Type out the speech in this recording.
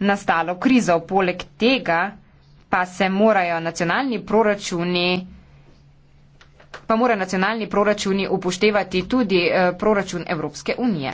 nastalo krizo. Poleg tega pa se morajo nacionalni proračuni pa mora nacionalni proračuni upoštevati tudi eh, proračun Evropske unije.